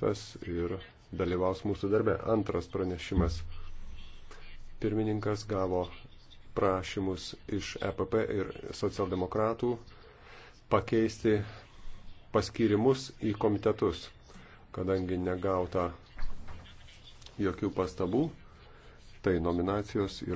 tas ir dalyvaus mūsų darbe. Antras pranešimas. Pirmininkas gavo prašymus iš EPP ir socialdemokratų pakeisti paskirimus į komitetus, kadangi negauta jokių pastabų, tai nominacijos yra.